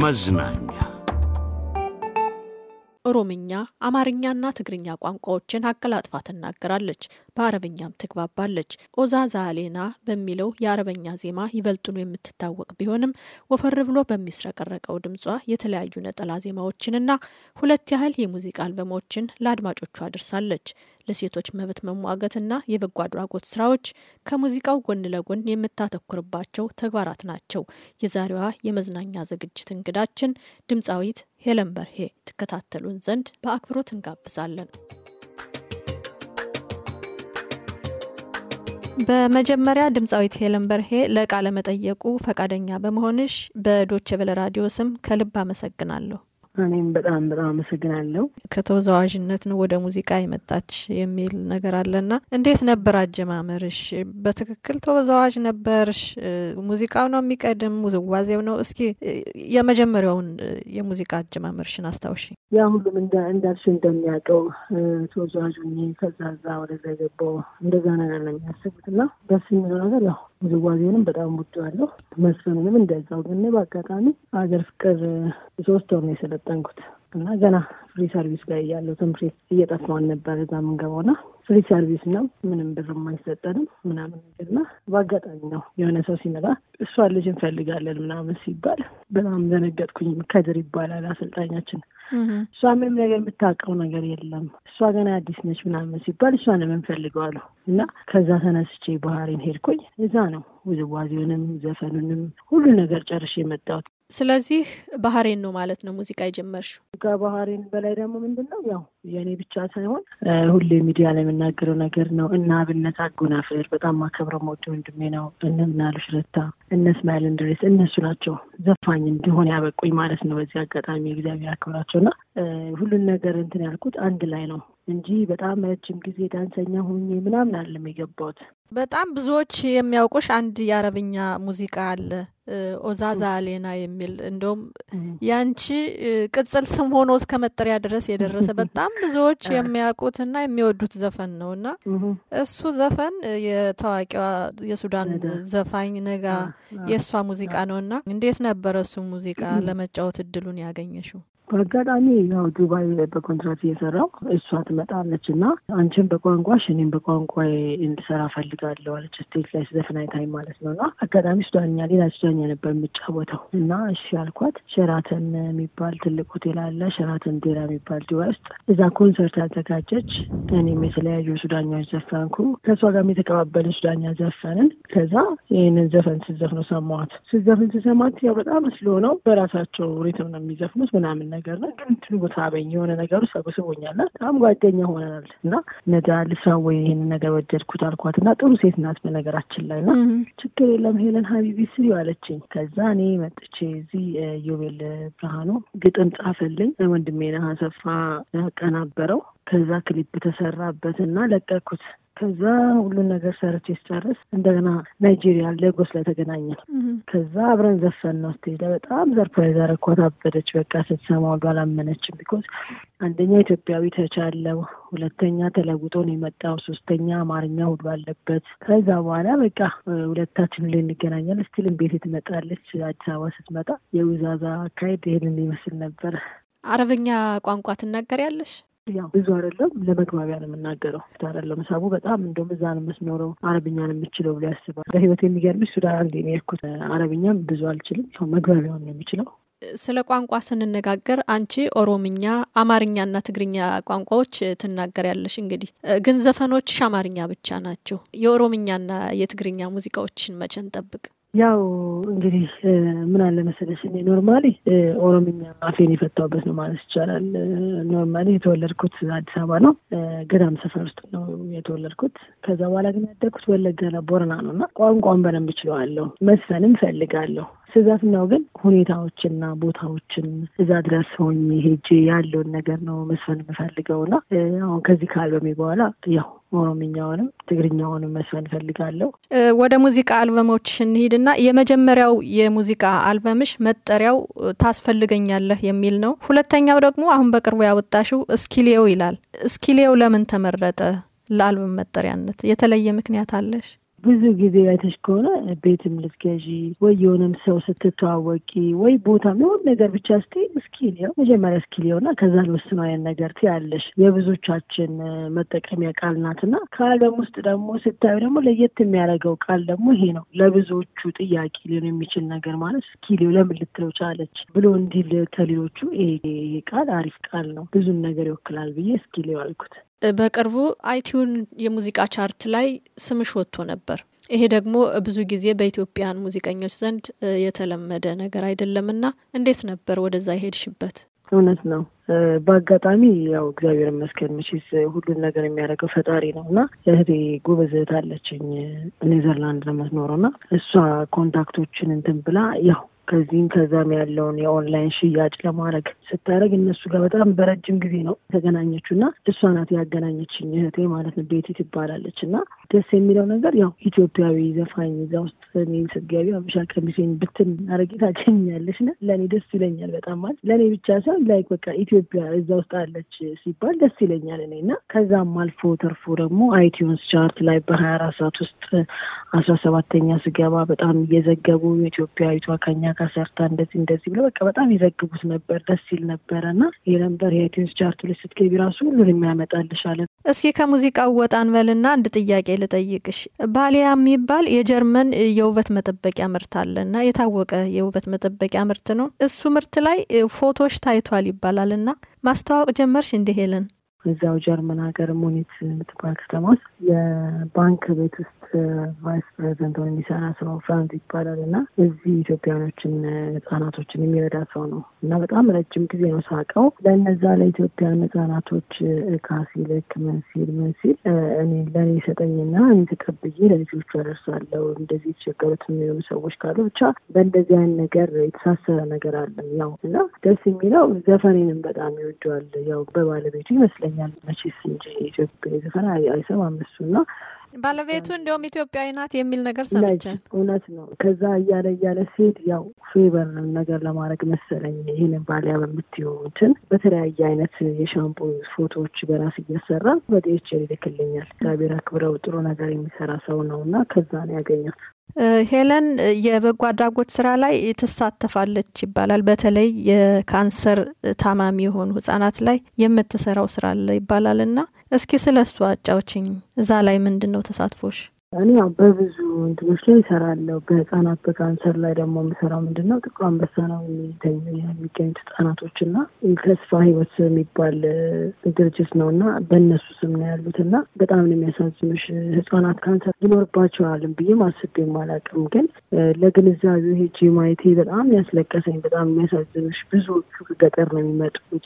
መዝናኛ ኦሮምኛ፣ አማርኛና ትግርኛ ቋንቋዎችን አቀላጥፋ ትናገራለች። በአረብኛም ትግባባለች። ኦዛዛሌና በሚለው የአረበኛ ዜማ ይበልጡኑ የምትታወቅ ቢሆንም ወፈር ብሎ በሚስረቀረቀው ድምጿ የተለያዩ ነጠላ ዜማዎችንና ሁለት ያህል የሙዚቃ አልበሞችን ለአድማጮቿ አድርሳለች። ለሴቶች መብት መሟገትና የበጎ አድራጎት ስራዎች ከሙዚቃው ጎን ለጎን የምታተኩርባቸው ተግባራት ናቸው። የዛሬዋ የመዝናኛ ዝግጅት እንግዳችን ድምፃዊት ሄለን በርሄ ትከታተሉን ዘንድ በአክብሮት እንጋብዛለን። በመጀመሪያ ድምፃዊት ሄለን በርሄ ለቃለ መጠየቁ ፈቃደኛ በመሆንሽ በዶቼ ቬለ ራዲዮ ስም ከልብ አመሰግናለሁ። እኔም በጣም በጣም አመሰግናለሁ። ከተወዛዋዥነት ነው ወደ ሙዚቃ የመጣች የሚል ነገር አለና እንዴት ነበር አጀማመርሽ? በትክክል ተወዛዋዥ ነበርሽ? ሙዚቃው ነው የሚቀድም ውዝዋዜው ነው? እስኪ የመጀመሪያውን የሙዚቃ አጀማመርሽን አስታውሽ። ያ ሁሉም እንዳልሽ እንደሚያውቀው ተወዛዋዥ ከዛዛ ወደዛ የገባው እንደዛ ነገር ነው የሚያስቡት እና ደስ የሚለው ነገር ያው ውዝዋዜውንም በጣም ወደዋለሁ። መስፈኑንም እንደዛው። ግን በአጋጣሚ ሀገር ፍቅር ሶስት ወር ነው የሰለጠንኩት እና ገና ፍሪ ሰርቪስ ጋር ያለው ትምህርት እየጠፋን ነበር። እዛ ምንገባውና ፍሪ ሰርቪስ ነው ምንም ብርም አይሰጠንም ምናምን ነገርና በአጋጣሚ ነው የሆነ ሰው ሲመጣ እሷ ልጅ እንፈልጋለን ምናምን ሲባል በጣም ዘነገጥኩኝ። ከድር ይባላል አሰልጣኛችን። እሷ ምንም ነገር የምታውቀው ነገር የለም እሷ ገና አዲስ ነች ምናምን ሲባል እሷንም እንፈልገዋለሁ እና ከዛ ተነስቼ ባህሬን ሄድኩኝ። እዛ ነው ውዝዋዜውንም ዘፈኑንም ሁሉ ነገር ጨርሼ የመጣሁት። ስለዚህ ባህሬን ነው ማለት ነው ሙዚቃ የጀመርሽው? ከባህሬን በላይ ደግሞ ምንድን ነው ያው የእኔ ብቻ ሳይሆን ሁሌ ሚዲያ ላይ የምናገረው ነገር ነው እና አብነት አጎናፍር በጣም ማከብረው መወደው ወንድሜ ነው። እነ ምናሉሽ ረታ፣ እነ እስማኤል እንድሬስ እነሱ ናቸው ዘፋኝ እንዲሆን ያበቁኝ ማለት ነው። በዚህ አጋጣሚ እግዚአብሔር ያክብራቸው እና ሁሉን ነገር እንትን ያልኩት አንድ ላይ ነው እንጂ በጣም ረጅም ጊዜ ዳንሰኛ ሆኜ ምናምን አለም የገባሁት። በጣም ብዙዎች የሚያውቁሽ አንድ የአረብኛ ሙዚቃ አለ ኦዛዛ አሌና የሚል እንደውም ያንቺ ቅጽል ስም ሆኖ እስከ መጠሪያ ድረስ የደረሰ በጣም ብዙዎች የሚያውቁትና የሚወዱት ዘፈን ነው እና እሱ ዘፈን የታዋቂዋ የሱዳን ዘፋኝ ነጋ የእሷ ሙዚቃ ነው እና እንዴት ነበረ እሱ ሙዚቃ ለመጫወት እድሉን ያገኘሽው? በአጋጣሚ ያው ዱባይ በኮንትራት እየሰራው እሷ ትመጣለች እና አንቺን በቋንቋሽ እኔም በቋንቋ እንድሰራ ፈልጋለሁ አለች። ስቴጅ ላይ ስዘፍን አይታኝ ማለት ነው። እና አጋጣሚ ሱዳንኛ ሌላ ሱዳንኛ ነበር የምጫወተው እና እሺ አልኳት። ሸራተን የሚባል ትልቅ ሆቴል አለ፣ ሸራተን ዴራ የሚባል ዱባይ ውስጥ እዛ ኮንሰርት አዘጋጀች። እኔም የተለያዩ ሱዳኛዎች ዘፈንኩ። ከእሷ ጋርም የተቀባበልን ሱዳኛ ዘፈንን። ከዛ ይህንን ዘፈን ስዘፍነው ሰማኋት። ስዘፍን ስሰማት ያው በጣም ስለሆነው በራሳቸው ሪትም ነው የሚዘፍኑት ምናምን ነገር ነው። ግን እንትኑ ቦታ አበኝ የሆነ ነገሩ ሰብስቦኛልና በጣም ጓደኛ ሆነናል። እና ነዳ ልስራ ወይ ይህን ነገር ወደድኩት አልኳት እና ጥሩ ሴት ናት በነገራችን ላይ እና ችግር የለም ሄለን ሀቢቢ ስሪ አለችኝ። ከዛ እኔ መጥቼ እዚህ ዮቤል ብርሃኑ ግጥም ጻፈልኝ ወንድሜ ነህ አሰፋ ያቀናበረው። ከዛ ክሊፕ ተሰራበት እና ለቀኩት። ከዛ ሁሉን ነገር ሰርቼ ስጨርስ እንደገና ናይጄሪያ ሌጎስ ላይ ተገናኘ። ከዛ አብረን ዘፈን ነው ስቴጅ ላይ በጣም ሰርፕራይዝ አረኳት። አበደች በቃ ስትሰማው አላመነችም። ቢኮዝ አንደኛ ኢትዮጵያዊ ተቻለው፣ ሁለተኛ ተለውጦ ነው የመጣው፣ ሶስተኛ አማርኛ ሁሉ አለበት። ከዛ በኋላ በቃ ሁለታችን ላይ እንገናኛል። ስቲልም ቤት ትመጣለች። አዲስ አበባ ስትመጣ የውዛዛ አካሄድ ይሄንን ይመስል ነበር። አረብኛ ቋንቋ ትናገር ያለሽ ያው ብዙ አይደለም ለመግባቢያ ነው የምናገረው። አይደለም መሳቡ በጣም እንደውም እዛ ነው የምትኖረው አረብኛ ነው የምችለው ብሎ ያስባል። በህይወት የሚገርምሽ ሱዳን አንዴ ነው የሄድኩት። አረብኛም ብዙ አልችልም፣ ያው መግባቢያውን ነው የምችለው። ስለ ቋንቋ ስንነጋገር አንቺ ኦሮምኛ፣ አማርኛና ትግርኛ ቋንቋዎች ትናገር ያለሽ እንግዲህ ግን ዘፈኖችሽ አማርኛ ብቻ ናቸው። የኦሮምኛና የትግርኛ ሙዚቃዎችን መቼ እንጠብቅ? ያው እንግዲህ ምን አለ መሰለሽ እኔ ኖርማሊ ኦሮምኛ አፌን የፈታሁበት ነው ማለት ይቻላል። ኖርማሊ የተወለድኩት አዲስ አበባ ነው፣ ገዳም ሰፈር ውስጥ ነው የተወለድኩት። ከዛ በኋላ ግን ያደግኩት ወለጋ ቦረና ነው እና ቋንቋን በደንብ ችለዋለሁ፣ መስፈንም ፈልጋለሁ። ስጋት ነው ግን ሁኔታዎችና ቦታዎችን እዛ ድረስ ሆኝ ሄጄ ያለውን ነገር ነው መስፈን የምፈልገውና አሁን ከዚህ ከአልበሜ በኋላ ያው ኦሮምኛውንም ትግርኛውንም መስፈን እፈልጋለሁ። ወደ ሙዚቃ አልበሞች እንሂድና የመጀመሪያው የሙዚቃ አልበምሽ መጠሪያው ታስፈልገኛለህ የሚል ነው። ሁለተኛው ደግሞ አሁን በቅርቡ ያወጣሽው እስኪሌው ይላል። እስኪሌው ለምን ተመረጠ? ለአልበም መጠሪያነት የተለየ ምክንያት አለሽ? ብዙ ጊዜ አይተሽ ከሆነ ቤትም ልትገዢ ወይ የሆነም ሰው ስትተዋወቂ ወይ ቦታም የሆነ ነገር ብቻ ስቲ ስኪል ው መጀመሪያ ስኪል የሆና ከዛ ልወስነው ያን ነገር ትያለሽ። የብዙዎቻችን መጠቀሚያ ቃል ናትና ከዓለም ውስጥ ደግሞ ስታዩ ደግሞ ለየት የሚያደርገው ቃል ደግሞ ይሄ ነው። ለብዙዎቹ ጥያቄ ሊሆን የሚችል ነገር ማለት ስኪል ለምን ልትለው ቻለች ብሎ እንዲል ከሌሎቹ ይሄ ቃል አሪፍ ቃል ነው፣ ብዙን ነገር ይወክላል ብዬ ስኪል አልኩት። በቅርቡ አይቲዩን የሙዚቃ ቻርት ላይ ስምሽ ወጥቶ ነበር። ይሄ ደግሞ ብዙ ጊዜ በኢትዮጵያን ሙዚቀኞች ዘንድ የተለመደ ነገር አይደለምና እንዴት ነበር ወደዛ የሄድሽበት? እውነት ነው። በአጋጣሚ ያው እግዚአብሔር ይመስገን መቼስ ሁሉን ነገር የሚያደርገው ፈጣሪ ነው እና እህቴ ጎበዝ እህት አለችኝ ኔዘርላንድ ነው እና እሷ ኮንታክቶችን እንትን ብላ ያው ከዚህም ከዛም ያለውን የኦንላይን ሽያጭ ለማድረግ ስታደረግ እነሱ ጋር በጣም በረጅም ጊዜ ነው የተገናኘችው እና እሷ ናት ያገናኘችኝ እህቴ ማለት ነው። ቤቲ ትባላለች እና ደስ የሚለው ነገር ያው ኢትዮጵያዊ ዘፋኝ እዛ ውስጥ እኔን ስትገቢ አበሻ ቀሚሴን ብትን አረጌ ታገኛለች ና ለእኔ ደስ ይለኛል በጣም ማለት ለእኔ ብቻ ሳይሆን ላይክ በቃ ኢትዮጵያ እዛ ውስጥ አለች ሲባል ደስ ይለኛል እኔ እና ከዛም አልፎ ተርፎ ደግሞ አይቲዩንስ ቻርት ላይ በሀያ አራት ሰዓት ውስጥ አስራ ሰባተኛ ስገባ በጣም እየዘገቡ ኢትዮጵያዊቷ ከኛ ጋር ሰርታ እንደዚህ እንደዚህ ብለው በቃ በጣም ይዘግቡት ነበር። ደስ ሲል ነበረ እና ይሄ ነበር የአይቲዩንስ ቻርቱ ላይ ስትገቢ ራሱ ሁሉን የሚያመጣልሻል። እስኪ ከሙዚቃው ወጣን በልና አንድ ጥያቄ ልጠይቅሽ። ባሊያ የሚባል የጀርመን የውበት መጠበቂያ ምርት አለ እና የታወቀ የውበት መጠበቂያ ምርት ነው። እሱ ምርት ላይ ፎቶሽ ታይቷል ይባላል እና ማስተዋወቅ ጀመርሽ እንዲህ ሄለን እዚያው ጀርመን ሀገር ሙኒት የምትባል ከተማ ውስጥ የባንክ ቤት ውስጥ ቫይስ ፕሬዚደንት ወይም የሚሰራ ሰው ፍራንት ይባላል እና እዚህ ኢትዮጵያኖችን ህጻናቶችን የሚረዳ ሰው ነው እና በጣም ረጅም ጊዜ ነው ሳቀው። ለእነዛ ለኢትዮጵያን ህጻናቶች እቃ ሲልክ ምን ሲል ምን ሲል እኔ ለእኔ ይሰጠኝና እኔ ተቀብዬ ለልጆቹ ያደርሳለሁ። እንደዚህ የተቸገሩት የሚሆኑ ሰዎች ካሉ ብቻ በእንደዚህ አይነት ነገር የተሳሰረ ነገር አለ ያው እና ደስ የሚለው ዘፈኔንም በጣም ይወደዋል። ያው በባለቤቱ ይመስለኛል መቼስ እንጂ ኢትዮጵያ ዘፈን አይሰማም እሱ እና ባለቤቱ እንዲሁም ኢትዮጵያዊ ናት የሚል ነገር ሰምቼ እውነት ነው። ከዛ እያለ እያለ ሲሄድ ያው ፌቨር ነገር ለማድረግ መሰለኝ ይህንን ባሊያ በምትሆኑትን በተለያየ አይነት የሻምፖ ፎቶዎች በራስ እያሰራ በዲኤችኤል ይልክልኛል። እግዚአብሔር አክብረው ጥሩ ነገር የሚሰራ ሰው ነው እና ከዛ ነው ያገኘሁት። ሄለን የበጎ አድራጎት ስራ ላይ ትሳተፋለች ይባላል። በተለይ የካንሰር ታማሚ የሆኑ ህጻናት ላይ የምትሰራው ስራ አለ ይባላል እና እስኪ ስለ እሱ አጫውችኝ። እዛ ላይ ምንድን ነው ተሳትፎሽ? እኔ ያው በብዙ እንትኖች ላይ ይሰራለሁ። በህጻናት በካንሰር ላይ ደግሞ የምሰራው ምንድን ነው ጥቁር አንበሳ ነው የሚገኙት ህጻናቶች እና ተስፋ ህይወት የሚባል ድርጅት ነው እና በእነሱ ስም ነው ያሉት እና በጣም ነው የሚያሳዝኑሽ ህጻናት ካንሰር ሊኖርባቸዋልም ብዬም አስቤም አላውቅም። ግን ለግንዛቤ ሄጄ ማየቴ በጣም ያስለቀሰኝ በጣም የሚያሳዝኑሽ ብዙዎቹ ገጠር ነው የሚመጡት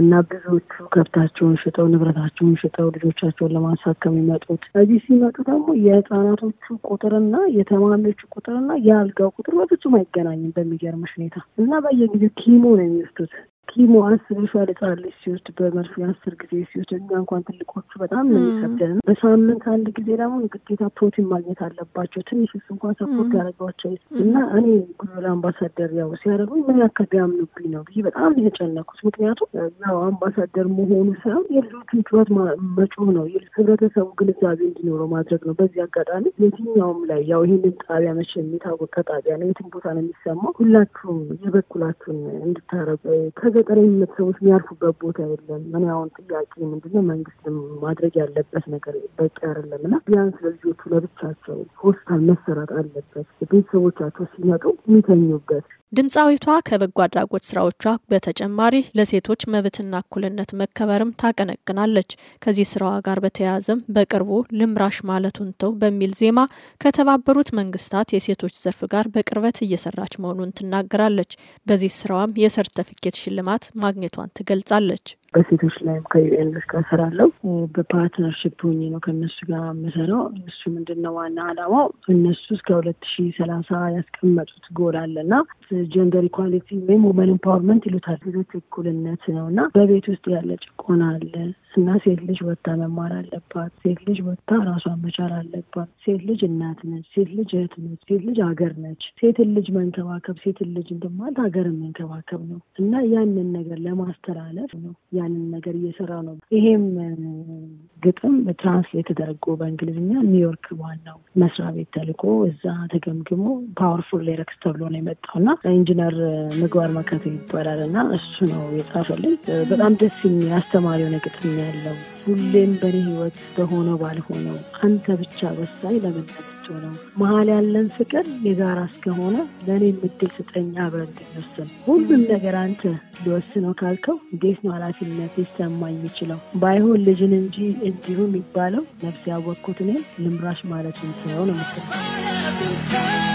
እና ብዙዎቹ ከብታቸውን ሽጠው ንብረታቸውን ሽጠው ልጆቻቸውን ለማሳከም ይመጡት። እዚህ ሲመጡ ደግሞ የህፃናቶቹ ቁጥርና የተማሪዎቹ ቁጥርና የአልጋው ቁጥር በፍጹም አይገናኝም በሚገርምሽ ሁኔታ እና በየጊዜው ኪሞ ነው የሚወስዱት ኪሞዋን ስልሽ ያልጻለች ሲወስድ በመርፌ አስር ጊዜ ሲወስድ እኛ እንኳን ትልቆቹ በጣም ነው የሚከብደን። በሳምንት አንድ ጊዜ ደግሞ ግዴታ ፕሮቲን ማግኘት አለባቸው። ትንሽ ስ እንኳን ሰፖርት ያደረጓቸው እና እኔ ጉዞላ አምባሳደር ያው ሲያደርጉ ምን ያክል ቢያምኑብኝ ነው ብዬ በጣም የተጨነኩት። ምክንያቱም ያው አምባሳደር መሆኑ ሳይሆን የልጆቹን ጩኸት መጮ ነው። ህብረተሰቡ ግንዛቤ እንዲኖረው ማድረግ ነው። በዚህ አጋጣሚ የትኛውም ላይ ያው ይህንን ጣቢያ መቼ የሚታወቀ ጣቢያ ነው፣ የትም ቦታ ነው የሚሰማው። ሁላችሁም የበኩላችሁን እንድታረጉ በገጠረኝነት ሰዎች የሚያርፉበት ቦታ የለም። እኔ አሁን ጥያቄ ምንድነው መንግስት ማድረግ ያለበት ነገር በቂ አይደለም እና ቢያንስ ለልጆቹ ለብቻቸው ሆስፒታል መሰራት አለበት። ቤተሰቦቻቸው ሲመጡ የሚተኙበት ድምፃዊቷ ከበጎ አድራጎት ስራዎቿ በተጨማሪ ለሴቶች መብትና እኩልነት መከበርም ታቀነቅናለች። ከዚህ ስራዋ ጋር በተያያዘም በቅርቡ ልምራሽ ማለቱን ተው በሚል ዜማ ከተባበሩት መንግስታት የሴቶች ዘርፍ ጋር በቅርበት እየሰራች መሆኑን ትናገራለች። በዚህ ስራዋም የሰርተፊኬት ሽልማት ማግኘቷን ትገልጻለች። በሴቶች ላይም ከዩኤንስ ጋር እሰራለሁ። በፓርትነርሽፕ ሆኜ ነው ከእነሱ ጋር የምሰራው። እሱ ምንድነው ዋና አላማው እነሱ እስከ ሁለት ሺ ሰላሳ ያስቀመጡት ጎል አለ አለና ጀንደር ኢኳሊቲ ወይም ውመን ኢምፓወርመንት ይሉታል። ሴቶች እኩልነት ነው እና በቤት ውስጥ ያለ ጭቆና አለ እና ሴት ልጅ ወታ መማር አለባት። ሴት ልጅ ወታ ራሷን መቻል አለባት። ሴት ልጅ እናት ነች። ሴት ልጅ እህት ነች። ሴት ልጅ ሀገር ነች። ሴትን ልጅ መንከባከብ ሴትን ልጅ እንደማለት ሀገርን መንከባከብ ነው እና ያንን ነገር ለማስተላለፍ ነው ያንን ነገር እየሰራ ነው። ይሄም ግጥም ትራንስሌት ተደርጎ በእንግሊዝኛ ኒውዮርክ ዋናው መስሪያ ቤት ተልኮ እዛ ተገምግሞ ፓወርፉል ሌረክስ ተብሎ ነው የመጣው እና ኢንጂነር ምግባር መከቱ ይባላል እና እሱ ነው የጻፈልኝ። በጣም ደስ የሚል አስተማሪ የሆነ ግጥም ያለው ሁሌም በእኔ ህይወት በሆነ ባልሆነው አንተ ብቻ ወሳኝ ለመናቸው ነው። መሀል ያለን ፍቅር የጋራ እስከሆነ ለእኔ ምድል ስጠኛ አብረን ሁሉም ነገር አንተ ሊወስነው ካልከው እንዴት ነው ኃላፊነት ሊሰማኝ ይችለው? ባይሆን ልጅን እንጂ እንዲሁ የሚባለው ነፍስ ያወቅኩት እኔ ልምራሽ ማለት ሰው ነው ምስል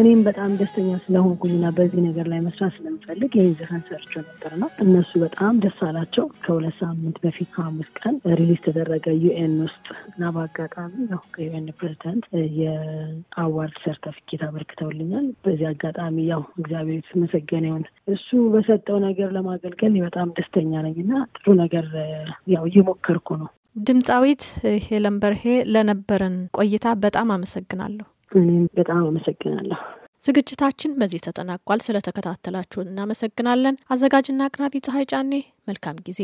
እኔም በጣም ደስተኛ ስለሆንኩኝና በዚህ ነገር ላይ መስራት ስለምፈልግ ይህን ዘፈን ሰርቸው ነው እነሱ በጣም ደስ አላቸው። ከሁለት ሳምንት በፊት ሐሙስ ቀን ሪሊዝ ተደረገ ዩኤን ውስጥ እና በአጋጣሚ ያው ከዩኤን ፕሬዚደንት የአዋርድ ሰርተፊኬት አበርክተውልኛል። በዚህ አጋጣሚ ያው እግዚአብሔር የተመሰገነ ይሁን። እሱ በሰጠው ነገር ለማገልገል በጣም ደስተኛ ነኝ እና ጥሩ ነገር ያው እየሞከርኩ ነው። ድምፃዊት ሄለን በርሄ ለነበረን ቆይታ በጣም አመሰግናለሁ። እኔም በጣም አመሰግናለሁ። ዝግጅታችን በዚህ ተጠናቋል። ስለተከታተላችሁን እናመሰግናለን። አዘጋጅና አቅራቢ ፀሐይ ጫኔ። መልካም ጊዜ